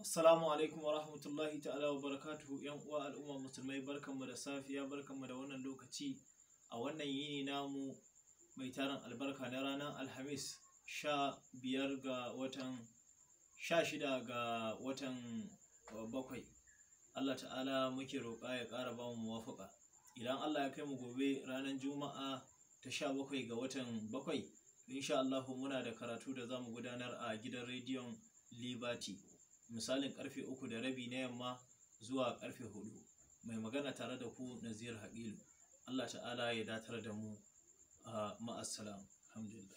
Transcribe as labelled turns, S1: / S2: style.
S1: Assalamu alaikum wa rahmatullahi ta'ala wa barakatuhu ‘yan uwa al'umma musulmai barkanmu da safiya barkanmu da wannan lokaci a wannan yini namu mai taron albarka na ranar Alhamis sha biyar ga watan sha shida ga watan uh, bakwai. Allah ta'ala muke roƙa ya ƙara ba mu muwafaƙa. Idan Allah ya kai mu gobe ranar Juma'a ta sha bakwai ga watan bakwai, insha Allah muna da karatu da zamu gudanar a gidan rediyon Liberty. misalin karfe uku da rabi na yamma zuwa karfe hudu mai magana tare da ku nazir haƙilu Allah ta'ala ya datar da mu ah, ma'assalam
S2: alhamdulillah